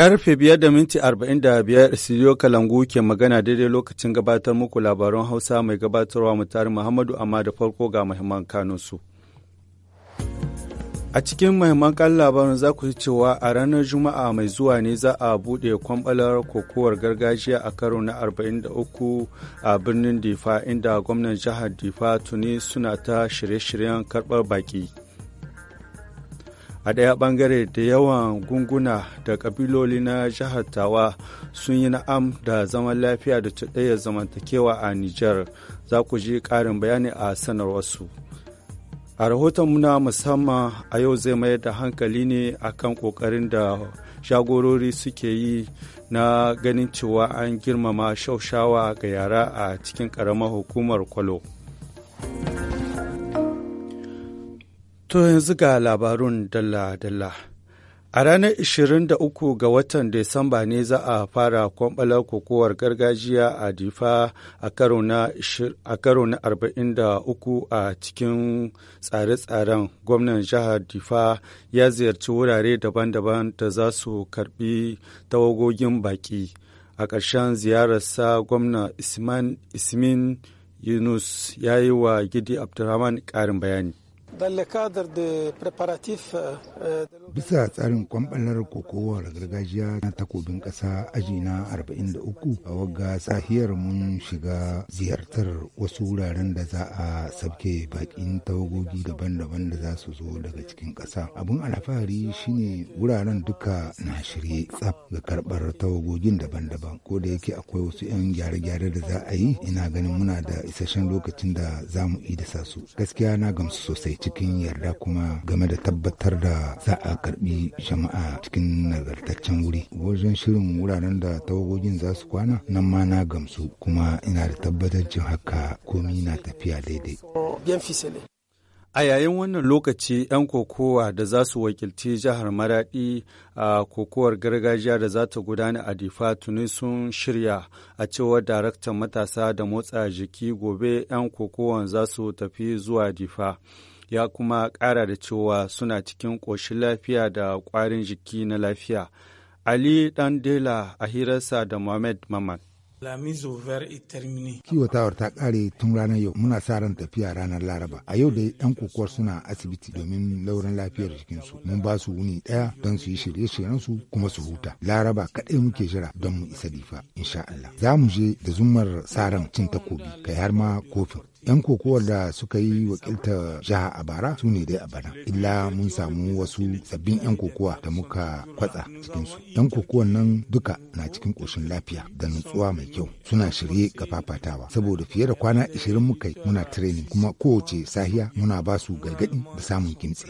Karfe biyar da minti arba'in da biyar Siriyo Kalangu ke magana daidai lokacin gabatar muku labaran Hausa mai gabatarwa mutari Muhammadu amma da farko ga muhimman kanunsu. A cikin mahimman kan labarin za ku ji cewa a ranar Juma'a mai zuwa ne za a buɗe kwamɓalar kokowar gargajiya a karo na 43 a birnin Difa inda gwamnan jihar Difa tuni suna ta shirye-shiryen karɓar baƙi. a ɗaya ɓangare da yawan gunguna da ƙabiloli na jihar tawa sun yi na'am da zaman lafiya da ɗaya zamantakewa a nijar za ku ji ƙarin bayani a sanarwarsu a rahoton muna musamman a yau zai mayar da hankali ne akan ƙoƙarin da shagorori suke yi na ganin cewa an girmama shaushawa ga yara a cikin ƙaramar hukumar kwalo. To yanzu ga labarun dalla-dalla. A ranar 23 ga watan Disamba ne za a fara kwamɓala kokowar gargajiya a Difa a karo na 43 a cikin tsare-tsaren gwamnan jihar Difa ya ziyarci wurare daban-daban da za su karbi tawagogin baƙi. A ƙarshen ziyararsa gwamna isman Ismin Yunus ya yi wa Gidi Abdurrahman ƙarin bayani. Bisa tsarin kwamɓalar kokowar gargajiya na takobin ƙasa aji na 43 a wagga sahiyar mun shiga ziyartar wasu wuraren da za a sabke bakin tawagogi daban-daban da za su zo daga cikin ƙasa. Abun alfahari shine wuraren duka na shirye tsaf ga karɓar tawagogin daban-daban ko da yake akwai wasu 'yan gyare-gyare da za a yi ina ganin muna da isasshen lokacin da za mu idasa su gaskiya na gamsu sosai cikin yarda kuma game da tabbatar da za a karbi jama'a cikin nagartaccen wuri wajen shirin wuraren da tawagogin za su kwana nan ma na gamsu kuma ina da tabbatancin haka komi na tafiya daidai A yayin wannan lokaci, ‘yan kokowa da za su wakilci jihar Maraɗi a kokowar gargajiya da za ta gudana a Difa tuni sun shirya a cewar daraktan matasa da motsa jiki gobe ‘yan kokowan za su tafi zuwa Difa. ya kuma ƙara da cewa suna cikin ƙoshin lafiya da ƙwarin jiki na lafiya. Ali dan dela a hirarsa da Mohamed Maman. Kiwatawar ta kare tun ranar yau muna sa ran tafiya ranar Laraba. A yau da yan kokowar suna asibiti domin lauran lafiyar jikinsu. Mun ba su wuni daya don su yi shirye-shiryensu kuma su huta. Laraba kaɗai muke jira don mu isa difa insha Allah. Za mu je da zumar sa ran cin takobi kai har ma kofin. 'yan kokowar da suka yi wakilta jiha a bara su ne dai a bana illa mun samu wasu sabbin 'yan kokowa da muka kwatsa cikinsu 'yan kokowar nan duka na cikin ƙoshin lafiya da nutsuwa mai kyau suna shirye ga fafatawa saboda fiye da kwana 20 muka yi muna training kuma kowace sahiya muna ba su gargaɗi da samun kintse.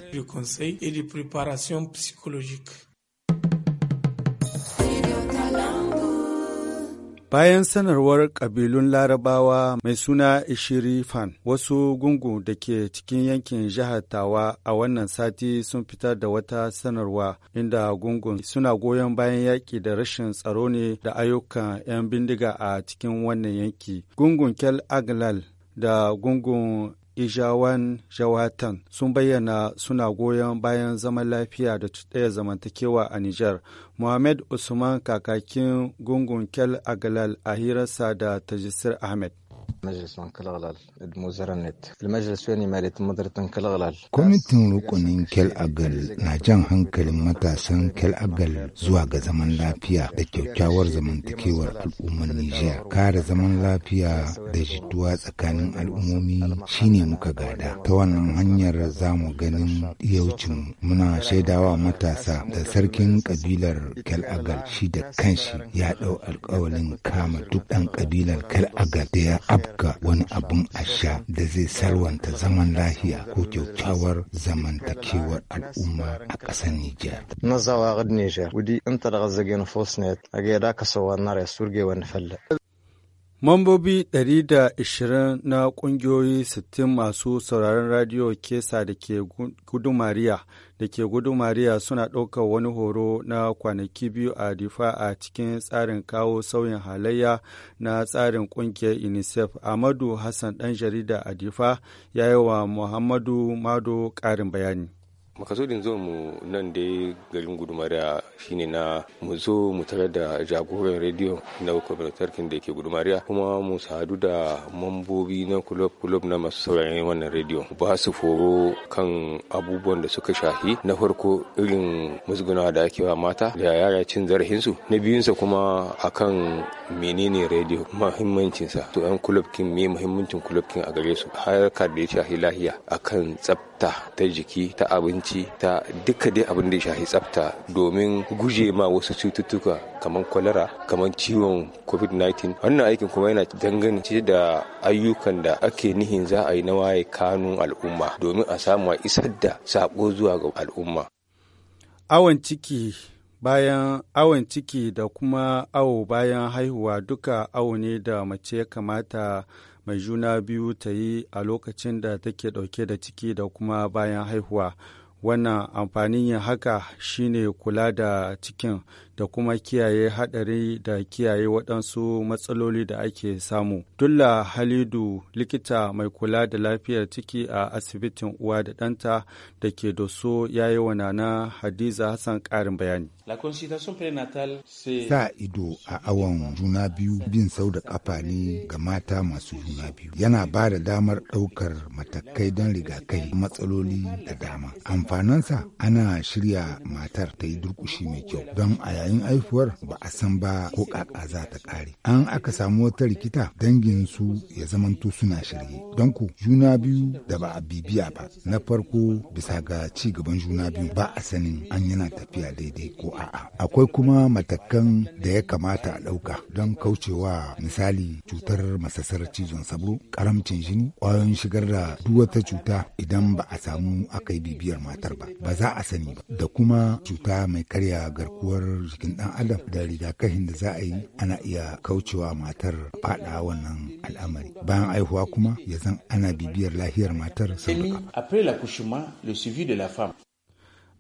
Bayan sanarwar ƙabilun Larabawa mai suna Ishirifan, wasu gungu da ke cikin yankin jihar Tawa a wannan sati sun fitar da wata sanarwa inda gungun suna goyon bayan yaƙi da rashin tsaro ne da ayyukan 'yan bindiga a cikin wannan yanki. Gungun Kel Aglal da gungun Ijawan Jawatan sun bayyana suna goyon bayan zaman lafiya da ɗaya zamantakewa a Nijar. Muhammad Usman kakakin gungun Kel Agalal a hirarsa da Tajisir Ahmed. majlis kwamitin rukunin kel agal na jan hankalin matasan kel agal zuwa ga zaman lafiya da kyakkyawar zamantakewar al'ummar niger kare zaman lafiya da jituwa tsakanin al'ummomi shine muka gada ta wannan hanyar za mu ganin yaucin muna shaidawa matasa da sarkin kabilar kel agal shi da kanshi ya dau alkawalin kama duk dan kabilar kel agal da ya abga wani abun a sha da zai salwanta zaman lahiya ko kyaukyawar zamantakewar al'umma a ƙasar Nijar. na Nazawa Nijar, wudi in ta daga zagin Fosnet a ga yadda ka sauwa nare surge wani falle. Mambobi 120 na ƙungiyoyi 60 masu sauraron radiyo kesa da ke gudumariya da ke gudu Mariya suna ɗaukar wani horo na kwanaki biyu a Difa a cikin tsarin kawo sauyin halayya na tsarin ƙungiyar UNICEF. Amadu Hassan ɗan jarida a Difa ya yi wa Muhammadu Mado ƙarin bayani. makasudin zuwan mu nan dai garin gudumariya shine na mu zo mu tare da jagoran rediyo na kwamitarkin da ke gudumariya kuma mu sadu da mambobi na kulob kulob na masu saurayin wannan rediyo ba su foro kan abubuwan da suka shahi na farko irin musgunawa da ake wa mata da yara cin zarafinsu na biyunsa kuma akan menene rediyo mahimmancinsa, to 'yan kin me muhimmancin kin a gare su Har ka da ya shafi lahiya akan tsafta ta jiki ta abinci ta duka dai abin da ya shafi tsafta domin guje ma wasu cututtuka kamar kwalara kamar ciwon covid-19 wannan aikin kuma yana dangance da ayyukan da ake nihin za a yi na waye kanun al'umma domin a samu a isar da sako zuwa ga al'umma awon ciki bayan awon ciki da kuma awo bayan haihuwa duka awo ne da mace ya kamata mai juna biyu ta yi a lokacin da take dauke da ciki da kuma bayan haihuwa. wannan amfanin yin haka shine kula da cikin da kuma kiyaye hadari da kiyaye waɗansu matsaloli da ake samu. Dulla Halidu likita mai kula da lafiyar ciki a asibitin uwa da ɗanta da ke doso ya yi wa nana Hadiza Hassan ƙarin bayani. Sa ido a awon juna biyu bin sau da ƙafa ne ga mata masu juna biyu. Yana ba da damar ɗaukar matakai don rigakai matsaloli da dama. amfaninsa ana shirya matar ta yi durkushi mai kyau don a yayin haihuwar ba a san ba ko kaka za ta kare an aka samu wata rikita dangin su ya zamanto suna shirye don ku juna biyu da ba a bibiya ba na farko bisa ga ci gaban juna biyu ba a sanin an yana tafiya daidai ko a'a akwai kuma matakan da ya kamata a ɗauka don kaucewa misali cutar masasar cizon sabo karamcin jini ƙwayoyin shigar da duk wata cuta idan ba a samu aka yi bibiyar mata cutar ba ba za a sani ba da kuma cuta mai karya garkuwar jikin ɗan adam da rigakafin da za a yi ana iya kaucewa matar fada wannan al'amari bayan aihuwa kuma ya zan ana bibiyar lafiyar matar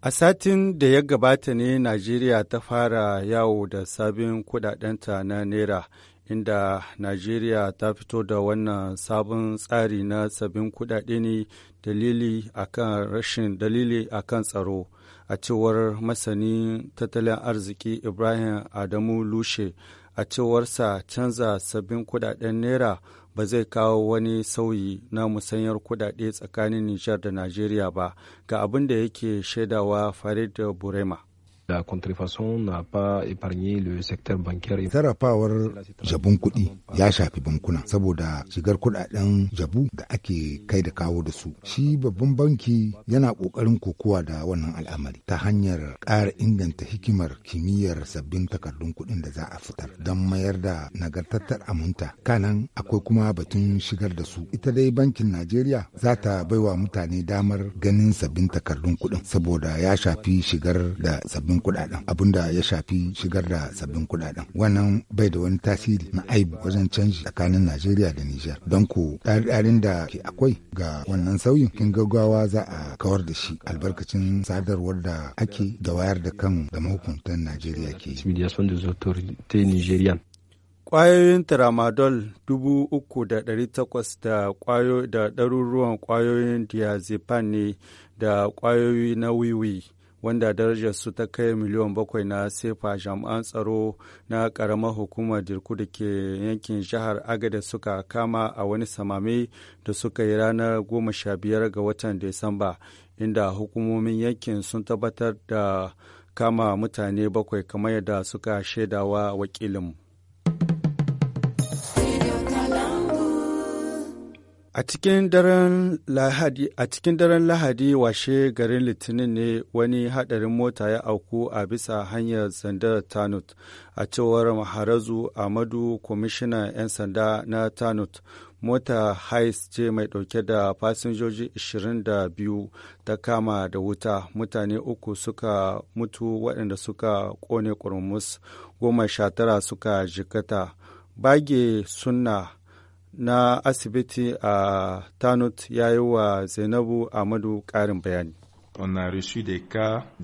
A satin da ya gabata ne Najeriya ta fara yawo da sabin kudadenta na Naira inda Najeriya ta fito da wannan sabon tsari na sabbin kuɗaɗe ne dalili akan rashin tsaro. A cewar masanin tattalin arziki Ibrahim Adamu Lushe, a cewarsa canza sabbin kuɗaɗen Naira ba zai kawo wani sauyi na musanyar kuɗaɗe tsakanin Nijar da Najeriya ba, ga abin da yake shaidawa Farid Burema. La contrefaçon n'a pas épargné le secteur bancaire. Sarrafawar jabun kuɗi ya shafi bankuna saboda shigar kuɗaɗen jabu da ake kai da kawo da su. Shi babban banki yana ƙoƙarin kokowa da wannan al'amari ta hanyar ƙara inganta hikimar kimiyyar sabbin takardun kuɗin da za a fitar don mayar da nagartattar aminta. Kanan akwai kuma batun shigar da su. Ita dai bankin Najeriya za ta baiwa mutane damar ganin sabbin takardun kuɗin saboda ya shafi shigar da sabbin kudaden kuɗaɗen abin da ya shafi shigar da sabbin kuɗaɗen wannan bai da wani tasiri na aibu wajen canji tsakanin najeriya da nijar don ku ɗarin da ke akwai ga wannan sauyin kin gaggawa za a kawar da shi albarkacin sadarwar da ake da wayar da kan da mahukuntan najeriya ke Ƙwayoyin tramadol 3,800 da takwas da ɗaruruwan kwayoyin diazepam ne da kwayoyi na wiwi. wanda su ta kai miliyan bakwai na sefa jami'an tsaro na karamar hukumar dirku da ke yankin jihar agada suka kama a wani samame da suka yi ranar goma sha biyar ga watan disamba inda hukumomin yankin sun tabbatar da kama mutane bakwai kamar yadda suka shaidawa wakilinmu A cikin daren Lahadi, washe garin Litinin ne wani haɗarin mota ya auku a bisa hanyar sandar Tanut, a cewar Maharazu Amadu, kwamishinan 'yan sanda na Tanut. Mota Hais ce mai ɗauke da fasinjoji 22 ta kama da wuta, mutane uku suka mutu waɗanda suka ƙone ƙurmus, goma sha tara suka jikata. Bage sunna na asibiti a uh, tanut ya yi wa zainabu amadu ƙarin bayani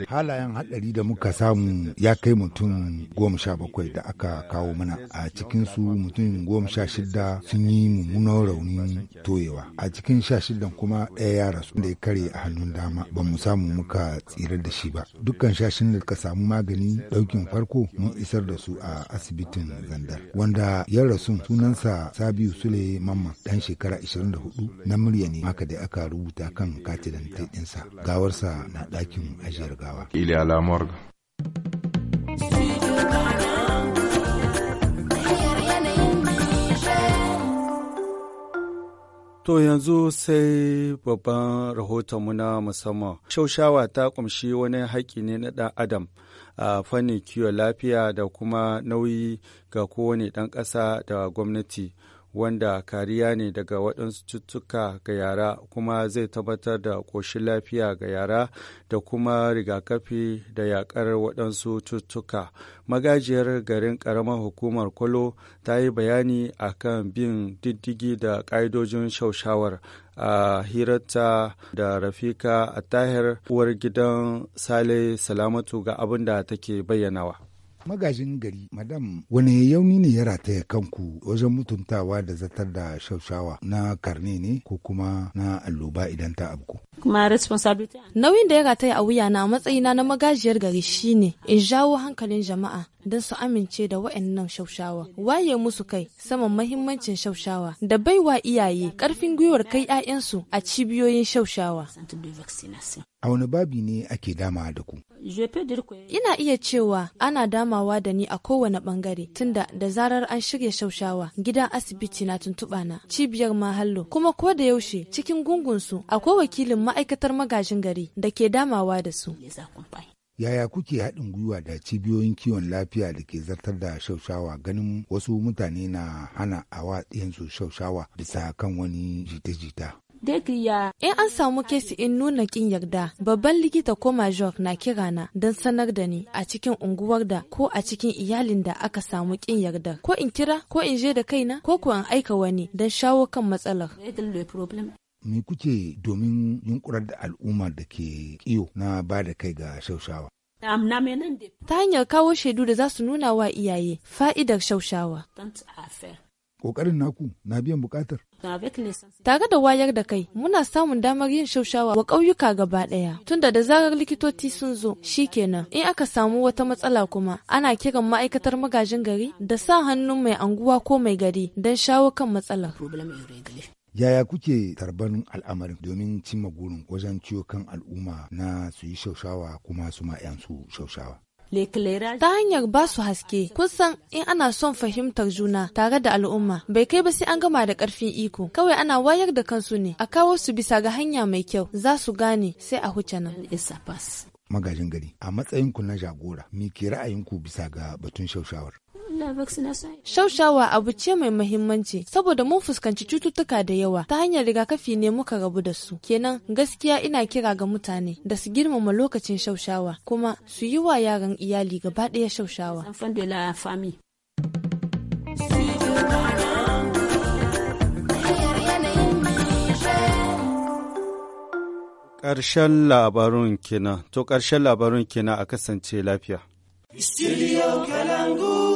Halayen haɗari da muka samu ya kai mutum goma sha bakwai da aka kawo mana a cikinsu mutum goma sha shida sun yi mummunan raunin toyewa a cikin sha kuma ɗaya ya rasu da ya kare a hannun dama ba mu samu muka tsirar da shi ba dukkan sha da ka samu magani ɗaukin farko mun isar da su a asibitin zandar wanda ya rasu sunansa sabiu sule mamman ɗan shekara 24 na murya ne haka da aka rubuta kan katilan ɗinsa gawar sa na ɗakin ajiyar gawa. Iliya To yanzu sai babban rahotonmu na musamman. Shaushawa ta ƙumshi wani haƙƙi ne na ɗan Adam a fannin kiwon lafiya da kuma nauyi ga kowane ɗan ƙasa da gwamnati. wanda kariya ne daga waɗansu cututtuka ga yara kuma zai tabbatar da ƙoshin lafiya ga yara da kuma rigakafi da yaƙar waɗansu cututtuka magajiyar garin ƙaramar hukumar kwalo ta yi bayani a kan bin diddigi da ƙa'idojin shaushawar a hirarta da rafika a tahir uwar gidan sale salamatu ga abin da take bayyanawa magajin gari madam wani yauni ne ya rataya kanku wajen mutuntawa da zatar da shaushawa na karne ne ko kuma na alloba idan ta abku Nauyin da ya rataya a wuya na matsayina na magajiyar gari shine in jawo hankalin jama'a don su amince da wa'annan shaushawa. Waye musu kai saman mahimmancin shaushawa da baiwa iyaye karfin gwiwar kai 'ya'yansu a cibiyoyin shaushawa. A wani babi ne ake dama da ku? Ina iya cewa ana damawa da ni a kowane bangare tunda da zarar an shirya shaushawa gidan asibiti na tuntuɓa na cibiyar mahallo kuma ko da yaushe cikin gungunsu akwai wakilin ma'aikatar magajin gari da ke damawa da su. yaya kuke haɗin gwiwa da cibiyoyin kiwon lafiya da ke zartar da shaushawa ganin wasu mutane na hana a ɗiyansu shaushawa bisa kan wani jita-jita In an samu kesi in nuna kin yarda, babban likita ko major na kira na don sanar da ni a cikin unguwar da ko a cikin iyalin da aka samu kin yarda. Ko in kira ko in je da kaina ko ku an aika wani don shawo kan matsalar. me kuke domin yunkurar da al'ummar da ke kiyo na ba da kai ga shaushawa? Ta hanyar kawo shaidu da za su nuna wa iyaye fa'idar shaushawa. Ƙoƙarin naku na biyan buƙatar. Tare da wayar da kai, muna samun damar yin shaushawa wa ƙauyuka gaba ɗaya. Tunda da zarar likitoci sun zo, shi kenan. In aka samu wata matsala kuma, ana kiran ma'aikatar magajin gari da sa hannun mai anguwa ko mai gari don shawo kan matsalar. Yaya kuke tarban al'amarin domin cimma gurin wajen ciwo kan al'umma na su yi shaushawa kuma su ma 'yansu shaushawa? Ta hanyar ba su haske, kun san in ana son fahimtar juna tare da al'umma, bai kai ba sai an gama da karfin iko, kawai ana wayar da kansu ne, a kawo su bisa ga hanya mai kyau, za su gane sai a huce nan. Magajin gari, a matsayinku na jagora, me ke ra'ayinku bisa ga batun shaushawar? Shaushawa abu ce mai mahimmanci saboda mun fuskanci cututtuka da yawa ta hanyar rigakafi ne muka rabu da su. Kenan gaskiya ina kira ga mutane da su girmama lokacin shaushawa kuma su yi wa yaran iyali gaba ɗaya shaushawa. Ƙarshen labarun kenan, to ƙarshen labarun kenan a kasance lafiya. Studio Kalangu.